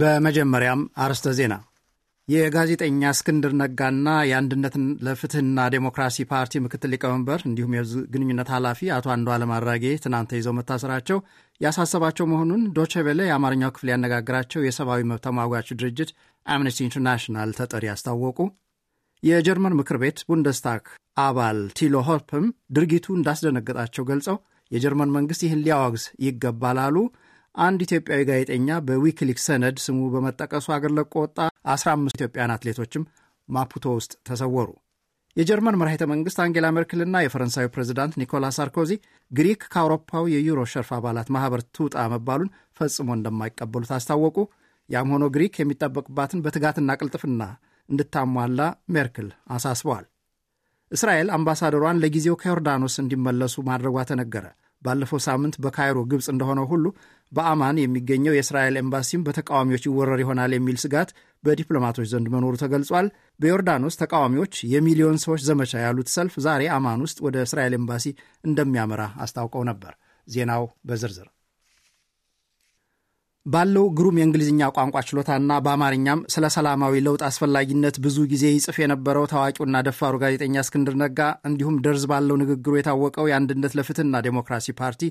በመጀመሪያም አርዕስተ ዜና። የጋዜጠኛ እስክንድር ነጋና የአንድነት ለፍትህና ዴሞክራሲ ፓርቲ ምክትል ሊቀመንበር እንዲሁም የህዝብ ግንኙነት ኃላፊ አቶ አለም አራጌ ትናንት ይዘው መታሰራቸው ያሳሰባቸው መሆኑን ዶቼ የአማርኛው ክፍል ያነጋግራቸው የሰብአዊ መብት ተሟጋች ድርጅት አምነስቲ ኢንተርናሽናል ተጠሪ አስታወቁ። የጀርመን ምክር ቤት ቡንደስታክ አባል ቲሎ ሆፕም ድርጊቱ እንዳስደነገጣቸው ገልጸው የጀርመን መንግሥት ይህን ሊያወግዝ ይገባል አሉ። አንድ ኢትዮጵያዊ ጋዜጠኛ በዊኪሊክስ ሰነድ ስሙ በመጠቀሱ አገር ለቆ ወጣ። 15 ኢትዮጵያን አትሌቶችም ማፑቶ ውስጥ ተሰወሩ። የጀርመን መራሄተ መንግስት አንጌላ ሜርክልና የፈረንሳዩ ፕሬዚዳንት ኒኮላስ ሳርኮዚ ግሪክ ከአውሮፓው የዩሮ ሸርፍ አባላት ማህበር ትውጣ መባሉን ፈጽሞ እንደማይቀበሉት አስታወቁ። ያም ሆኖ ግሪክ የሚጠበቅባትን በትጋትና ቅልጥፍና እንድታሟላ ሜርክል አሳስበዋል። እስራኤል አምባሳደሯን ለጊዜው ከዮርዳኖስ እንዲመለሱ ማድረጓ ተነገረ። ባለፈው ሳምንት በካይሮ ግብፅ እንደሆነው ሁሉ በአማን የሚገኘው የእስራኤል ኤምባሲም በተቃዋሚዎች ይወረር ይሆናል የሚል ስጋት በዲፕሎማቶች ዘንድ መኖሩ ተገልጿል። በዮርዳኖስ ተቃዋሚዎች የሚሊዮን ሰዎች ዘመቻ ያሉት ሰልፍ ዛሬ አማን ውስጥ ወደ እስራኤል ኤምባሲ እንደሚያመራ አስታውቀው ነበር። ዜናው በዝርዝር ባለው ግሩም የእንግሊዝኛ ቋንቋ ችሎታና በአማርኛም ስለ ሰላማዊ ለውጥ አስፈላጊነት ብዙ ጊዜ ይጽፍ የነበረው ታዋቂውና ደፋሩ ጋዜጠኛ እስክንድር ነጋ እንዲሁም ደርዝ ባለው ንግግሩ የታወቀው የአንድነት ለፍትህና ዴሞክራሲ ፓርቲ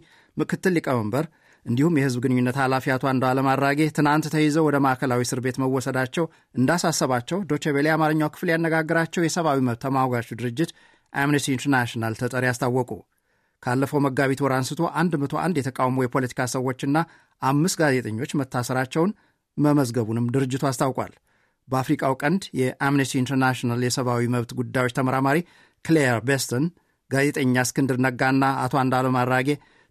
ምክትል ሊቀመንበር እንዲሁም የህዝብ ግንኙነት ኃላፊ አቶ አንዱዓለም አራጌ ትናንት ተይዘው ወደ ማዕከላዊ እስር ቤት መወሰዳቸው እንዳሳሰባቸው ዶቸቤሌ የአማርኛው ክፍል ያነጋገራቸው የሰብአዊ መብት ተሟጋቹ ድርጅት አምነስቲ ኢንተርናሽናል ተጠሪ አስታወቁ። ካለፈው መጋቢት ወር አንስቶ 101 የተቃውሞ የፖለቲካ ሰዎችና አምስት ጋዜጠኞች መታሰራቸውን መመዝገቡንም ድርጅቱ አስታውቋል። በአፍሪቃው ቀንድ የአምነስቲ ኢንተርናሽናል የሰብአዊ መብት ጉዳዮች ተመራማሪ ክሌር ቤስተን ጋዜጠኛ እስክንድር ነጋና አቶ አንዳሎ አራጌ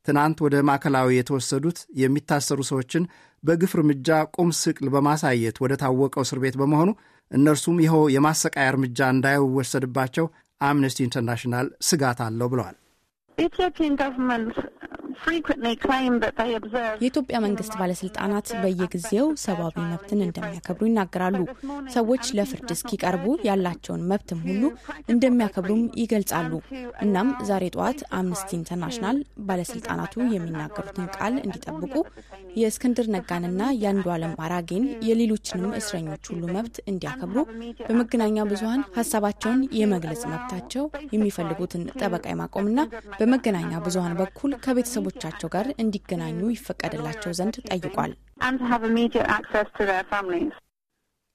ትናንት ወደ ማዕከላዊ የተወሰዱት የሚታሰሩ ሰዎችን በግፍ እርምጃ ቁም ስቅል በማሳየት ወደ ታወቀው እስር ቤት በመሆኑ እነርሱም ይኸው የማሰቃያ እርምጃ እንዳይወሰድባቸው አምነስቲ ኢንተርናሽናል ስጋት አለው ብለዋል። Ethiopian government የኢትዮጵያ መንግስት ባለስልጣናት በየጊዜው ሰብአዊ መብትን እንደሚያከብሩ ይናገራሉ። ሰዎች ለፍርድ እስኪቀርቡ ያላቸውን መብትም ሁሉ እንደሚያከብሩም ይገልጻሉ። እናም ዛሬ ጠዋት አምነስቲ ኢንተርናሽናል ባለስልጣናቱ የሚናገሩትን ቃል እንዲጠብቁ የእስክንድር ነጋንና የአንዱ አለም አራጌን የሌሎችንም እስረኞች ሁሉ መብት እንዲያከብሩ በመገናኛ ብዙሀን ሀሳባቸውን የመግለጽ መብታቸው የሚፈልጉትን ጠበቃ የማቆምና በመገናኛ ብዙሀን በኩል ከቤተሰቡ ቤተሰቦቻቸው ጋር እንዲገናኙ ይፈቀድላቸው ዘንድ ጠይቋል።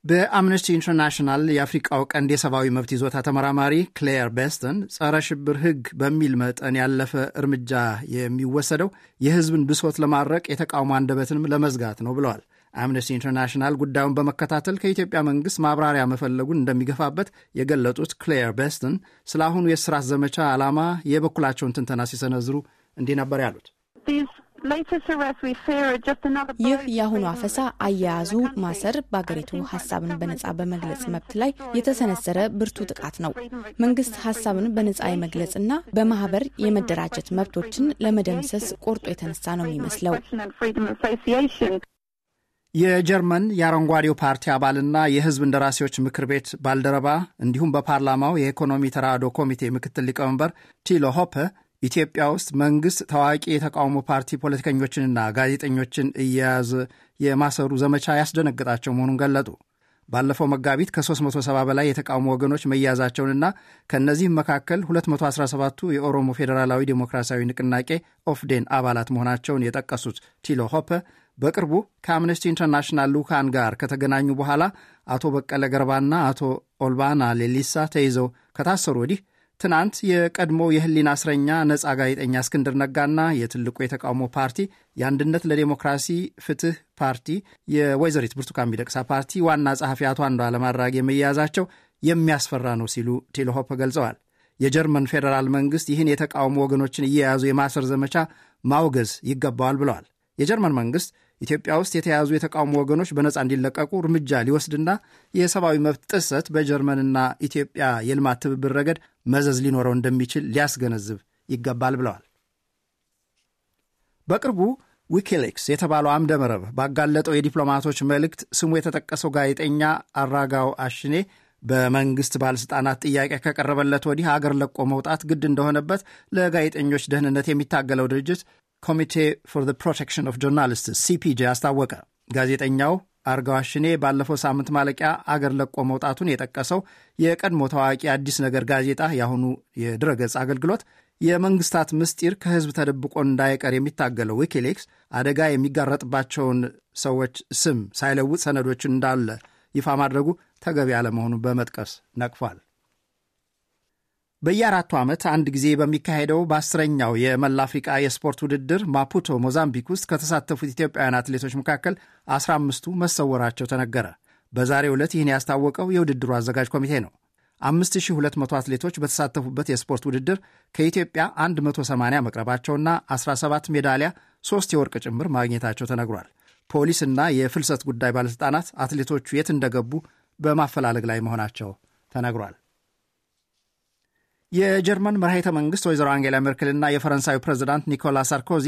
በአምነስቲ ኢንተርናሽናል የአፍሪቃው ቀንድ የሰብአዊ መብት ይዞታ ተመራማሪ ክሌር ቤስተን ጸረ ሽብር ሕግ በሚል መጠን ያለፈ እርምጃ የሚወሰደው የሕዝብን ብሶት ለማድረቅ የተቃውሞ አንደበትንም ለመዝጋት ነው ብለዋል። አምነስቲ ኢንተርናሽናል ጉዳዩን በመከታተል ከኢትዮጵያ መንግስት ማብራሪያ መፈለጉን እንደሚገፋበት የገለጡት ክሌር ቤስተን ስለ አሁኑ የእስራት ዘመቻ ዓላማ የበኩላቸውን ትንተና ሲሰነዝሩ እንዲህ ነበር ያሉት። ይህ የአሁኑ አፈሳ አያያዙ ማሰር በአገሪቱ ሀሳብን በነጻ በመግለጽ መብት ላይ የተሰነዘረ ብርቱ ጥቃት ነው። መንግስት ሀሳብን በነጻ የመግለጽና በማህበር የመደራጀት መብቶችን ለመደምሰስ ቆርጦ የተነሳ ነው የሚመስለው። የጀርመን የአረንጓዴው ፓርቲ አባልና የህዝብ እንደራሴዎች ምክር ቤት ባልደረባ እንዲሁም በፓርላማው የኢኮኖሚ ተራድኦ ኮሚቴ ምክትል ሊቀመንበር ቲሎ ሆፐ ኢትዮጵያ ውስጥ መንግስት ታዋቂ የተቃውሞ ፓርቲ ፖለቲከኞችንና ጋዜጠኞችን እየያዘ የማሰሩ ዘመቻ ያስደነግጣቸው መሆኑን ገለጡ። ባለፈው መጋቢት ከ370 በላይ የተቃውሞ ወገኖች መያዛቸውንና ከእነዚህም መካከል 217ቱ የኦሮሞ ፌዴራላዊ ዴሞክራሲያዊ ንቅናቄ ኦፍዴን አባላት መሆናቸውን የጠቀሱት ቲሎ ሆፐ በቅርቡ ከአምነስቲ ኢንተርናሽናል ልዑካን ጋር ከተገናኙ በኋላ አቶ በቀለ ገርባና አቶ ኦልባና ሌሊሳ ተይዘው ከታሰሩ ወዲህ ትናንት የቀድሞ የህሊና እስረኛ ነጻ ጋዜጠኛ እስክንድር ነጋና የትልቁ የተቃውሞ ፓርቲ የአንድነት ለዴሞክራሲ ፍትህ ፓርቲ የወይዘሪት ብርቱካን ሚደቅሳ ፓርቲ ዋና ጸሐፊ አቶ አንዱዓለም አራጌ መያዛቸው የሚያስፈራ ነው ሲሉ ቴሌሆፕ ገልጸዋል። የጀርመን ፌዴራል መንግስት ይህን የተቃውሞ ወገኖችን እየያዙ የማሰር ዘመቻ ማውገዝ ይገባዋል ብለዋል። የጀርመን መንግስት ኢትዮጵያ ውስጥ የተያዙ የተቃውሞ ወገኖች በነፃ እንዲለቀቁ እርምጃ ሊወስድና የሰብአዊ መብት ጥሰት በጀርመንና ኢትዮጵያ የልማት ትብብር ረገድ መዘዝ ሊኖረው እንደሚችል ሊያስገነዝብ ይገባል ብለዋል። በቅርቡ ዊኪሊክስ የተባለው አምደ መረብ ባጋለጠው የዲፕሎማቶች መልእክት ስሙ የተጠቀሰው ጋዜጠኛ አራጋው አሽኔ በመንግስት ባለሥልጣናት ጥያቄ ከቀረበለት ወዲህ አገር ለቆ መውጣት ግድ እንደሆነበት ለጋዜጠኞች ደህንነት የሚታገለው ድርጅት ኮሚቴ ፎር ፕሮቴክሽን ኦፍ ጆርናሊስትስ ሲፒጄ አስታወቀ። ጋዜጠኛው አርጋዋሽኔ ባለፈው ሳምንት ማለቂያ አገር ለቆ መውጣቱን የጠቀሰው የቀድሞ ታዋቂ አዲስ ነገር ጋዜጣ የአሁኑ የድረገጽ አገልግሎት የመንግስታት ምስጢር ከህዝብ ተደብቆ እንዳይቀር የሚታገለው ዊኪሊክስ አደጋ የሚጋረጥባቸውን ሰዎች ስም ሳይለውጥ ሰነዶችን እንዳለ ይፋ ማድረጉ ተገቢ አለመሆኑን በመጥቀስ ነቅፏል። በየአራቱ ዓመት አንድ ጊዜ በሚካሄደው በአስረኛው የመላ አፍሪቃ የስፖርት ውድድር ማፑቶ ሞዛምቢክ ውስጥ ከተሳተፉት ኢትዮጵያውያን አትሌቶች መካከል 15ቱ መሰወራቸው ተነገረ። በዛሬ ዕለት ይህን ያስታወቀው የውድድሩ አዘጋጅ ኮሚቴ ነው። 5200 አትሌቶች በተሳተፉበት የስፖርት ውድድር ከኢትዮጵያ 180 መቅረባቸውና 17 ሜዳሊያ፣ ሦስት የወርቅ ጭምር ማግኘታቸው ተነግሯል። ፖሊስና የፍልሰት ጉዳይ ባለሥልጣናት አትሌቶቹ የት እንደገቡ በማፈላለግ ላይ መሆናቸው ተነግሯል። የጀርመን መራሄተ መንግስት ወይዘሮ አንጌላ ሜርክልና የፈረንሳዩ ፕሬዚዳንት ኒኮላስ ሳርኮዚ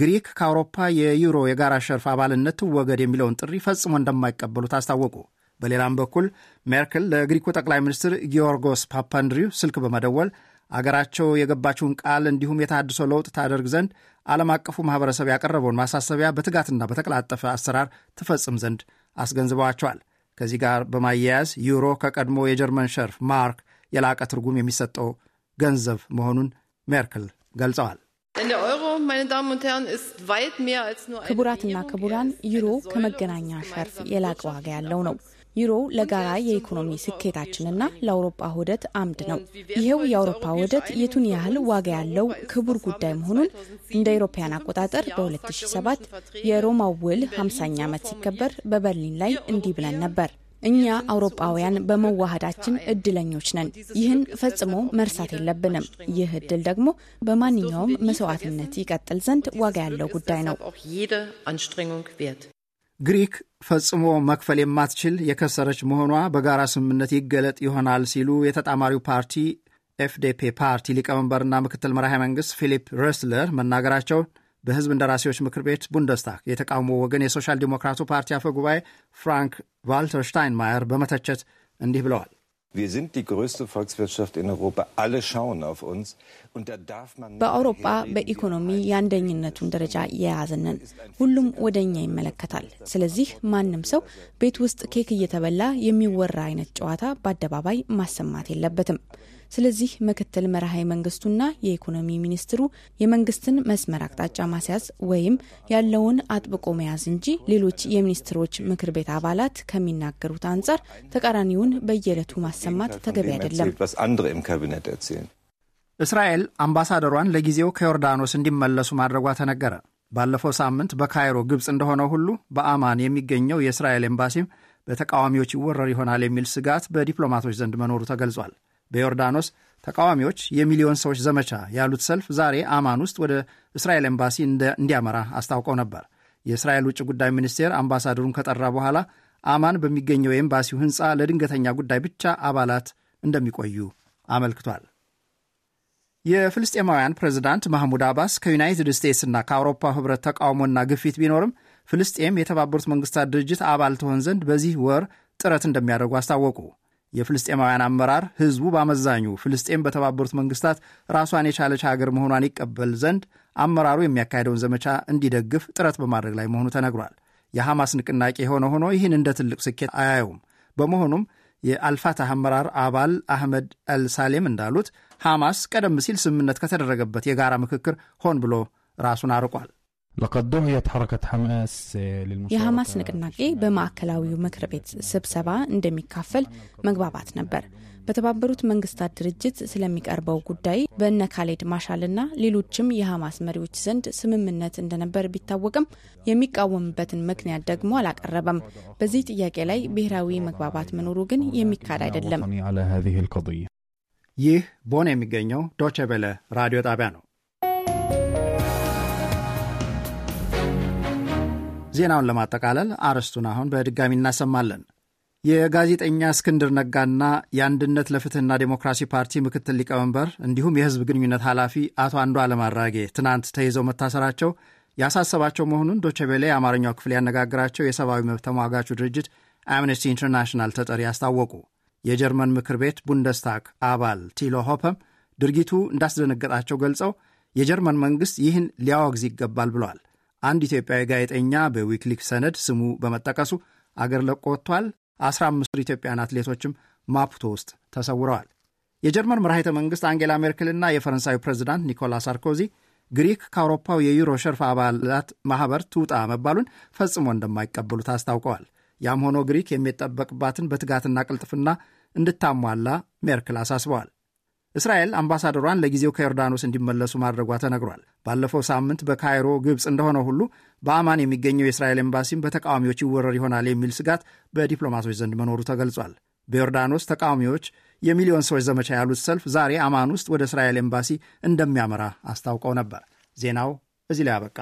ግሪክ ከአውሮፓ የዩሮ የጋራ ሸርፍ አባልነት ትወገድ የሚለውን ጥሪ ፈጽሞ እንደማይቀበሉት አስታወቁ። በሌላም በኩል ሜርክል ለግሪኩ ጠቅላይ ሚኒስትር ጊዮርጎስ ፓፓንድሪው ስልክ በመደወል አገራቸው የገባችውን ቃል እንዲሁም የተሃድሶ ለውጥ ታደርግ ዘንድ ዓለም አቀፉ ማህበረሰብ ያቀረበውን ማሳሰቢያ በትጋትና በተቀላጠፈ አሰራር ትፈጽም ዘንድ አስገንዝበዋቸዋል። ከዚህ ጋር በማያያዝ ዩሮ ከቀድሞ የጀርመን ሸርፍ ማርክ የላቀ ትርጉም የሚሰጠው ገንዘብ መሆኑን ሜርክል ገልጸዋል። ክቡራትና ክቡራን ዩሮ ከመገናኛ ሸርፍ የላቀ ዋጋ ያለው ነው። ዩሮ ለጋራ የኢኮኖሚ ስኬታችንና ለአውሮፓ ውህደት አምድ ነው። ይኸው የአውሮፓ ውህደት የቱን ያህል ዋጋ ያለው ክቡር ጉዳይ መሆኑን እንደ አውሮፓውያን አቆጣጠር በ2007 የሮማው ውል 50ኛ ዓመት ሲከበር በበርሊን ላይ እንዲህ ብለን ነበር። እኛ አውሮፓውያን በመዋሃዳችን እድለኞች ነን። ይህን ፈጽሞ መርሳት የለብንም። ይህ እድል ደግሞ በማንኛውም መስዋዕትነት ይቀጥል ዘንድ ዋጋ ያለው ጉዳይ ነው። ግሪክ ፈጽሞ መክፈል የማትችል የከሰረች መሆኗ በጋራ ስምምነት ይገለጥ ይሆናል ሲሉ የተጣማሪው ፓርቲ ኤፍዴፔ ፓርቲ ሊቀመንበርና ምክትል መራሄ መንግስት ፊሊፕ ረስለር መናገራቸውን በህዝብ እንደራሴዎች ምክር ቤት ቡንደስታክ የተቃውሞ ወገን የሶሻል ዲሞክራቱ ፓርቲ አፈ ጉባኤ ፍራንክ ቫልተር ሽታይንማየር በመተቸት እንዲህ ብለዋል። በአውሮፓ በኢኮኖሚ የአንደኝነቱን ደረጃ የያዝንን ሁሉም ወደ እኛ ይመለከታል። ስለዚህ ማንም ሰው ቤት ውስጥ ኬክ እየተበላ የሚወራ አይነት ጨዋታ በአደባባይ ማሰማት የለበትም። ስለዚህ ምክትል መርሃይ መንግስቱና የኢኮኖሚ ሚኒስትሩ የመንግስትን መስመር አቅጣጫ ማስያዝ ወይም ያለውን አጥብቆ መያዝ እንጂ ሌሎች የሚኒስትሮች ምክር ቤት አባላት ከሚናገሩት አንጻር ተቃራኒውን በየዕለቱ ማሰማት ተገቢ አይደለም። እስራኤል አምባሳደሯን ለጊዜው ከዮርዳኖስ እንዲመለሱ ማድረጓ ተነገረ። ባለፈው ሳምንት በካይሮ ግብፅ እንደሆነው ሁሉ በአማን የሚገኘው የእስራኤል ኤምባሲም በተቃዋሚዎች ይወረር ይሆናል የሚል ስጋት በዲፕሎማቶች ዘንድ መኖሩ ተገልጿል። በዮርዳኖስ ተቃዋሚዎች የሚሊዮን ሰዎች ዘመቻ ያሉት ሰልፍ ዛሬ አማን ውስጥ ወደ እስራኤል ኤምባሲ እንዲያመራ አስታውቀው ነበር። የእስራኤል ውጭ ጉዳይ ሚኒስቴር አምባሳደሩን ከጠራ በኋላ አማን በሚገኘው የኤምባሲው ሕንፃ ለድንገተኛ ጉዳይ ብቻ አባላት እንደሚቆዩ አመልክቷል። የፍልስጤማውያን ፕሬዚዳንት ማህሙድ አባስ ከዩናይትድ ስቴትስና ከአውሮፓ ህብረት ተቃውሞና ግፊት ቢኖርም ፍልስጤም የተባበሩት መንግስታት ድርጅት አባል ትሆን ዘንድ በዚህ ወር ጥረት እንደሚያደርጉ አስታወቁ። የፍልስጤማውያን አመራር ህዝቡ በአመዛኙ ፍልስጤም በተባበሩት መንግስታት ራሷን የቻለች ሀገር መሆኗን ይቀበል ዘንድ አመራሩ የሚያካሄደውን ዘመቻ እንዲደግፍ ጥረት በማድረግ ላይ መሆኑ ተነግሯል። የሐማስ ንቅናቄ የሆነ ሆኖ ይህን እንደ ትልቅ ስኬት አያየውም። በመሆኑም የአልፋታህ አመራር አባል አህመድ አልሳሌም እንዳሉት ሐማስ ቀደም ሲል ስምምነት ከተደረገበት የጋራ ምክክር ሆን ብሎ ራሱን አርቋል። የሐማስ ንቅናቄ በማዕከላዊው ምክር ቤት ስብሰባ እንደሚካፈል መግባባት ነበር። በተባበሩት መንግስታት ድርጅት ስለሚቀርበው ጉዳይ በእነ ካሌድ ማሻልና ሌሎችም የሐማስ መሪዎች ዘንድ ስምምነት እንደነበር ቢታወቅም የሚቃወምበትን ምክንያት ደግሞ አላቀረበም። በዚህ ጥያቄ ላይ ብሔራዊ መግባባት መኖሩ ግን የሚካድ አይደለም። ይህ ቦን የሚገኘው ዶቸ ራዲዮ ጣቢያ ነው። ዜናውን ለማጠቃለል አርዕስቱን አሁን በድጋሚ እናሰማለን። የጋዜጠኛ እስክንድር ነጋና የአንድነት ለፍትህና ዴሞክራሲ ፓርቲ ምክትል ሊቀመንበር እንዲሁም የህዝብ ግንኙነት ኃላፊ አቶ አንዱ አለማራጌ ትናንት ተይዘው መታሰራቸው ያሳሰባቸው መሆኑን ዶቸቤላ የአማርኛው ክፍል ያነጋግራቸው የሰብአዊ መብት ተሟጋቹ ድርጅት አምነስቲ ኢንተርናሽናል ተጠሪ አስታወቁ። የጀርመን ምክር ቤት ቡንደስታግ አባል ቲሎ ሆፐም ድርጊቱ እንዳስደነገጣቸው ገልጸው የጀርመን መንግሥት ይህን ሊያወግዝ ይገባል ብለዋል። አንድ ኢትዮጵያዊ ጋዜጠኛ በዊክሊክ ሰነድ ስሙ በመጠቀሱ አገር ለቆ ወጥቷል። 15 ኢትዮጵያን አትሌቶችም ማፑቶ ውስጥ ተሰውረዋል። የጀርመን መራሄተ መንግሥት አንጌላ ሜርክልና የፈረንሳዩ ፕሬዚዳንት ኒኮላስ ሳርኮዚ ግሪክ ከአውሮፓው የዩሮ ሸርፍ አባላት ማኅበር ትውጣ መባሉን ፈጽሞ እንደማይቀበሉት አስታውቀዋል። ያም ሆኖ ግሪክ የሚጠበቅባትን በትጋትና ቅልጥፍና እንድታሟላ ሜርክል አሳስበዋል። እስራኤል አምባሳደሯን ለጊዜው ከዮርዳኖስ እንዲመለሱ ማድረጓ ተነግሯል። ባለፈው ሳምንት በካይሮ ግብፅ እንደሆነ ሁሉ በአማን የሚገኘው የእስራኤል ኤምባሲም በተቃዋሚዎች ይወረር ይሆናል የሚል ስጋት በዲፕሎማቶች ዘንድ መኖሩ ተገልጿል። በዮርዳኖስ ተቃዋሚዎች የሚሊዮን ሰዎች ዘመቻ ያሉት ሰልፍ ዛሬ አማን ውስጥ ወደ እስራኤል ኤምባሲ እንደሚያመራ አስታውቀው ነበር። ዜናው እዚህ ላይ አበቃ።